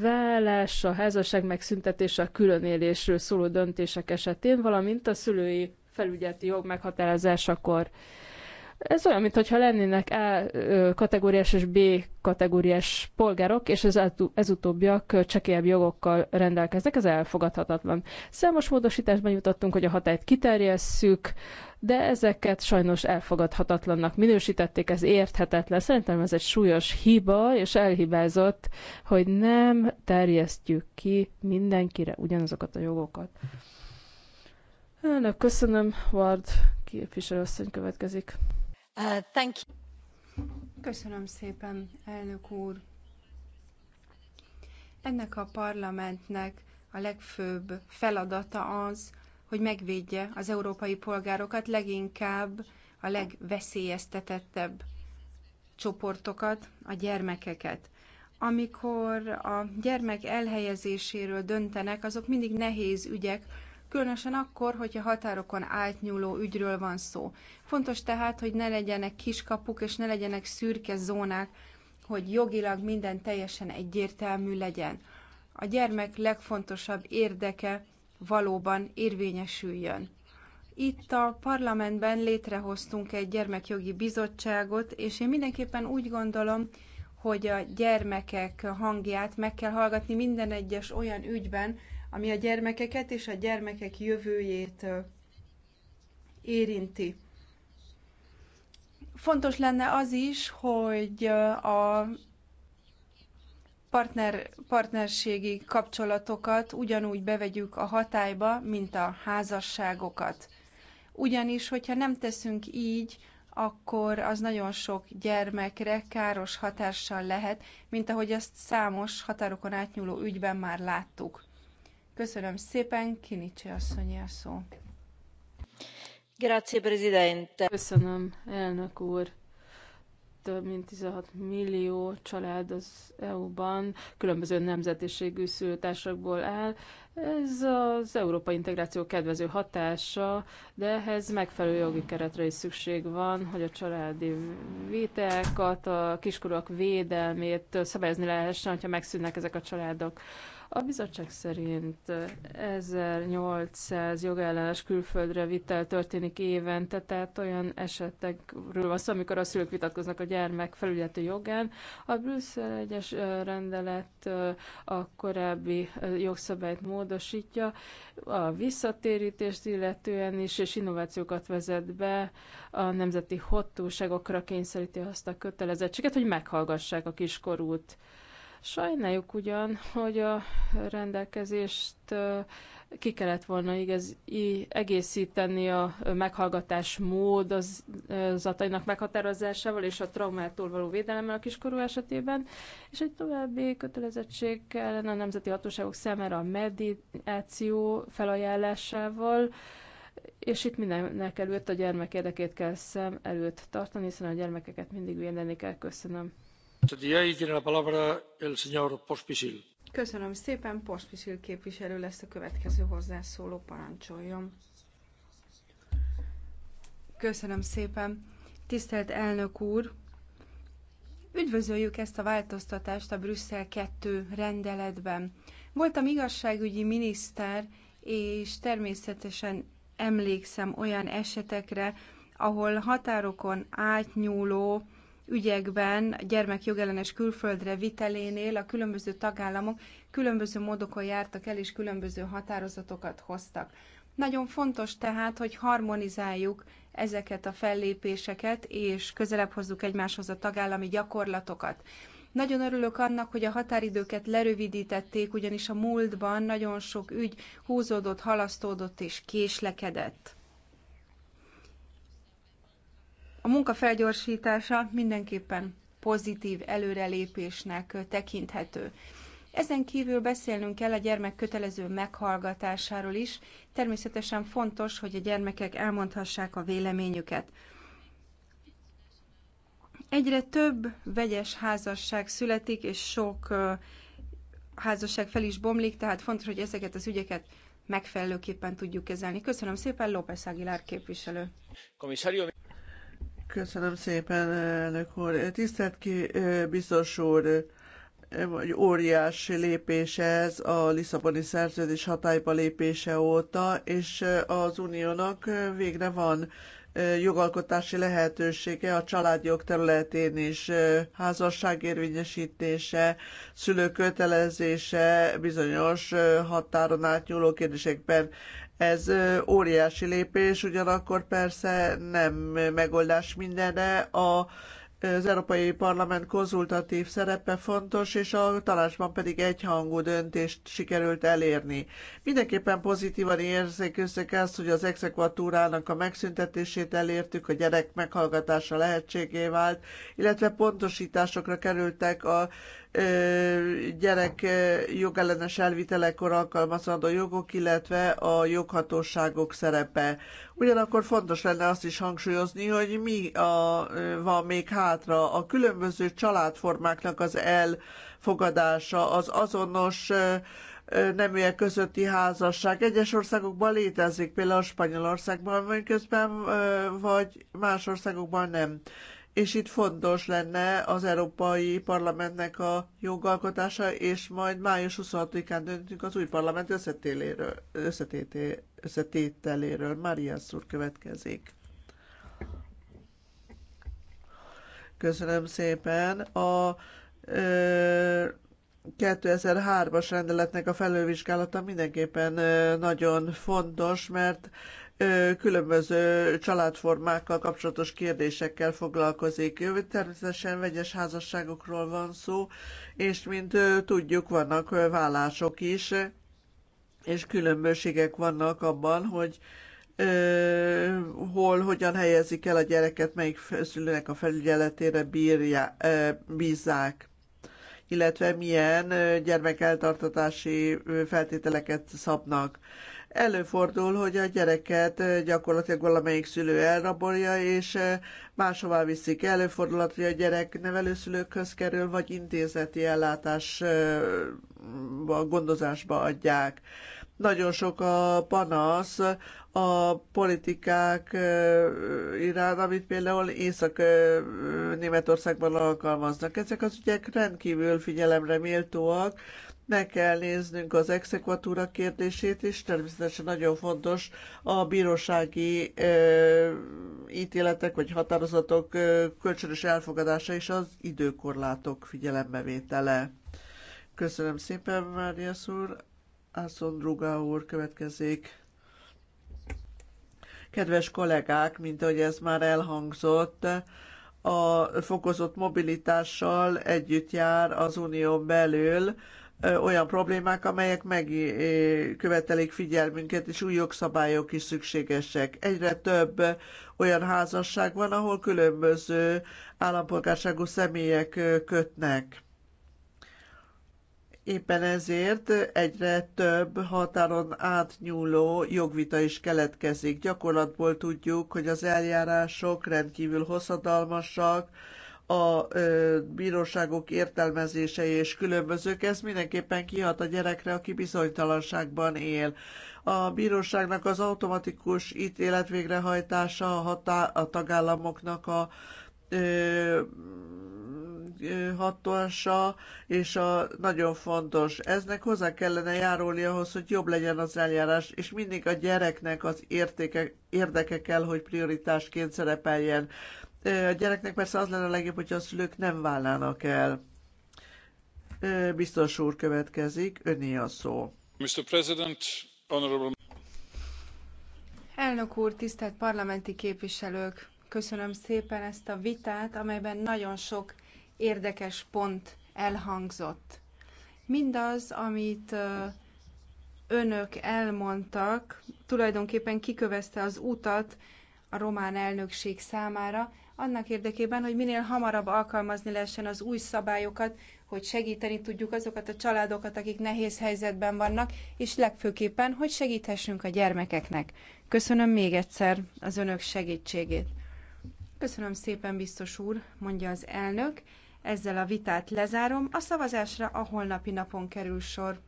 S2: vállás, a házasság megszüntetése, a különélésről szóló döntések esetén, valamint a szülői felügyeleti jog meghatározásakor. Ez olyan, mintha lennének A kategóriás és B kategóriás polgárok, és ez, ez utóbbiak csekélyebb jogokkal rendelkeznek, ez elfogadhatatlan. Számos módosításban jutottunk, hogy a hatályt kiterjesszük, de ezeket sajnos elfogadhatatlannak minősítették, ez érthetetlen. Szerintem ez egy súlyos hiba, és elhibázott, hogy nem terjesztjük ki mindenkire ugyanazokat a jogokat. Önök, köszönöm, Ward képviselőasszony következik.
S3: Uh, thank you. Köszönöm szépen, elnök úr. Ennek a parlamentnek a legfőbb feladata az, hogy megvédje az európai polgárokat, leginkább a legveszélyeztetettebb csoportokat, a gyermekeket. Amikor a gyermek elhelyezéséről döntenek, azok mindig nehéz ügyek, különösen akkor, hogyha határokon átnyúló ügyről van szó. Fontos tehát, hogy ne legyenek kiskapuk és ne legyenek szürke zónák, hogy jogilag minden teljesen egyértelmű legyen. A gyermek legfontosabb érdeke valóban érvényesüljön. Itt a parlamentben létrehoztunk egy gyermekjogi bizottságot, és én mindenképpen úgy gondolom, hogy a gyermekek hangját meg kell hallgatni minden egyes olyan ügyben, ami a gyermekeket és a gyermekek jövőjét érinti. Fontos lenne az is, hogy a partner, partnerségi kapcsolatokat ugyanúgy bevegyük a hatályba, mint a házasságokat. Ugyanis, hogyha nem teszünk így, akkor az nagyon sok gyermekre káros hatással lehet, mint ahogy azt számos határokon átnyúló ügyben már láttuk. Köszönöm szépen, Kinicsi asszonyi a szó.
S2: Grazie, Presidente. Köszönöm, elnök úr több mint 16 millió család az EU-ban különböző nemzetiségű szültársakból áll. Ez az európai integráció kedvező hatása, de ehhez megfelelő jogi keretre is szükség van, hogy a családi vitákat, a kiskorúak védelmét szabályozni lehessen, hogyha megszűnnek ezek a családok. A bizottság szerint 1800 jogellenes külföldre vitel történik évente, tehát olyan esetekről van szó, amikor a szülők vitatkoznak a gyermek felügyeleti jogán. A Brüsszel egyes rendelet a korábbi jogszabályt módosítja, a visszatérítést illetően is, és innovációkat vezet be, a nemzeti hatóságokra kényszeríti azt a kötelezettséget, hogy meghallgassák a kiskorút Sajnáljuk ugyan, hogy a rendelkezést ki kellett volna igaz, egészíteni a meghallgatás mód az zatainak meghatározásával és a traumától való védelemmel a kiskorú esetében, és egy további kötelezettség kellene a nemzeti hatóságok számára a mediáció felajánlásával, és itt mindennek előtt a gyermek érdekét kell szem előtt tartani, hiszen a gyermekeket mindig
S3: védeni kell. Köszönöm. Köszönöm szépen, következő Köszönöm szépen. Tisztelt elnök úr, üdvözöljük ezt a változtatást a Brüsszel ii rendeletben. Voltam igazságügyi miniszter, és természetesen emlékszem olyan esetekre, ahol határokon átnyúló ügyekben gyermekjogellenes külföldre vitelénél a különböző tagállamok különböző módokon jártak el, és különböző határozatokat hoztak. Nagyon fontos tehát, hogy harmonizáljuk ezeket a fellépéseket, és közelebb hozzuk egymáshoz a tagállami gyakorlatokat. Nagyon örülök annak, hogy a határidőket lerövidítették, ugyanis a múltban nagyon sok ügy húzódott, halasztódott és késlekedett. A munka felgyorsítása mindenképpen pozitív előrelépésnek tekinthető. Ezen kívül beszélnünk kell a gyermek kötelező meghallgatásáról is. Természetesen fontos, hogy a gyermekek elmondhassák a véleményüket. Egyre több vegyes házasság születik, és sok házasság fel is bomlik, tehát fontos, hogy ezeket az ügyeket megfelelőképpen tudjuk kezelni. Köszönöm szépen, López
S1: Aguilar képviselő. Komisario... Köszönöm szépen, elnök úr. Tisztelt ki, biztos úr, vagy óriási lépés ez a Lisszaboni szerződés hatályba lépése óta, és az uniónak végre van jogalkotási lehetősége a családjog területén is, házasság érvényesítése, szülő kötelezése bizonyos határon átnyúló kérdésekben. Ez óriási lépés, ugyanakkor persze nem megoldás mindenre. A az Európai Parlament konzultatív szerepe fontos, és a tanácsban pedig egyhangú döntést sikerült elérni. Mindenképpen pozitívan érzékeltük ezt, hogy az exekvatúrának a megszüntetését elértük, a gyerek meghallgatása lehetségé vált, illetve pontosításokra kerültek a gyerek jogellenes elvitelekor alkalmazandó jogok, illetve a joghatóságok szerepe. Ugyanakkor fontos lenne azt is hangsúlyozni, hogy mi a, van még hátra. A különböző családformáknak az elfogadása, az azonos neműek közötti házasság. Egyes országokban létezik, például Spanyolországban, közben vagy más országokban nem és itt fontos lenne az Európai Parlamentnek a jogalkotása, és majd május 26-án döntünk az új parlament összetételéről. Maria Szur következik. Köszönöm szépen. A ö, 2003-as rendeletnek a felővizsgálata mindenképpen nagyon fontos, mert különböző családformákkal kapcsolatos kérdésekkel foglalkozik. Természetesen vegyes házasságokról van szó, és mint tudjuk, vannak vállások is, és különbségek vannak abban, hogy hol, hogyan helyezik el a gyereket, melyik szülőnek a felügyeletére bírja, bízzák illetve milyen gyermekeltartatási feltételeket szabnak. Előfordul, hogy a gyereket gyakorlatilag valamelyik szülő elrabolja, és máshová viszik. Előfordul, hogy a gyerek nevelőszülőkhöz kerül, vagy intézeti ellátásba, gondozásba adják. Nagyon sok a panasz a politikák iránt, amit például Észak-Németországban alkalmaznak. Ezek az ügyek rendkívül figyelemre méltóak, meg kell néznünk az exekvatúra kérdését is, természetesen nagyon fontos a bírósági ö, ítéletek vagy határozatok ö, kölcsönös elfogadása és az időkorlátok figyelembevétele. Köszönöm szépen, Máriasz úr. Ászon Druga úr következik. Kedves kollégák, mint ahogy ez már elhangzott, a fokozott mobilitással együtt jár az unión belül olyan problémák, amelyek megkövetelik figyelmünket, és új jogszabályok is szükségesek. Egyre több olyan házasság van, ahol különböző állampolgárságú személyek kötnek. Éppen ezért egyre több határon átnyúló jogvita is keletkezik. Gyakorlatból tudjuk, hogy az eljárások rendkívül hosszadalmasak, a ö, bíróságok értelmezései és különbözők, ez mindenképpen kihat a gyerekre, aki bizonytalanságban él. A bíróságnak az automatikus ítélet végrehajtása a, hatá- a tagállamoknak a ö, hatása, és a, nagyon fontos. Eznek hozzá kellene járulni ahhoz, hogy jobb legyen az eljárás, és mindig a gyereknek az értéke, érdeke kell, hogy prioritásként szerepeljen. A gyereknek persze az lenne a legjobb, hogyha a szülők nem válnának el. Biztos úr következik, öné a szó. Mr. President, honorable...
S3: Elnök úr, tisztelt parlamenti képviselők! Köszönöm szépen ezt a vitát, amelyben nagyon sok érdekes pont elhangzott. Mindaz, amit önök elmondtak, tulajdonképpen kikövezte az utat a román elnökség számára, annak érdekében, hogy minél hamarabb alkalmazni lehessen az új szabályokat, hogy segíteni tudjuk azokat a családokat, akik nehéz helyzetben vannak, és legfőképpen, hogy segíthessünk a gyermekeknek. Köszönöm még egyszer az önök segítségét. Köszönöm szépen, biztos úr, mondja az elnök. Ezzel a vitát lezárom, a szavazásra a holnapi napon kerül sor.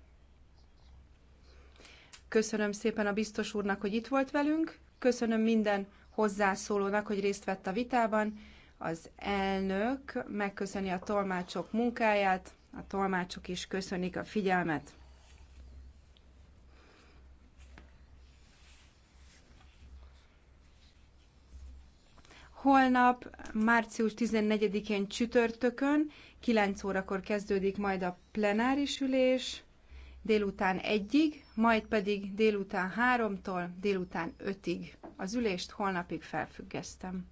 S3: Köszönöm szépen a biztos úrnak, hogy itt volt velünk, köszönöm minden hozzászólónak, hogy részt vett a vitában. Az elnök megköszöni a tolmácsok munkáját, a tolmácsok is köszönik a figyelmet. Holnap, március 14-én csütörtökön, 9 órakor kezdődik majd a plenáris ülés délután egyig, majd pedig délután háromtól délután ötig. Az ülést holnapig felfüggesztem.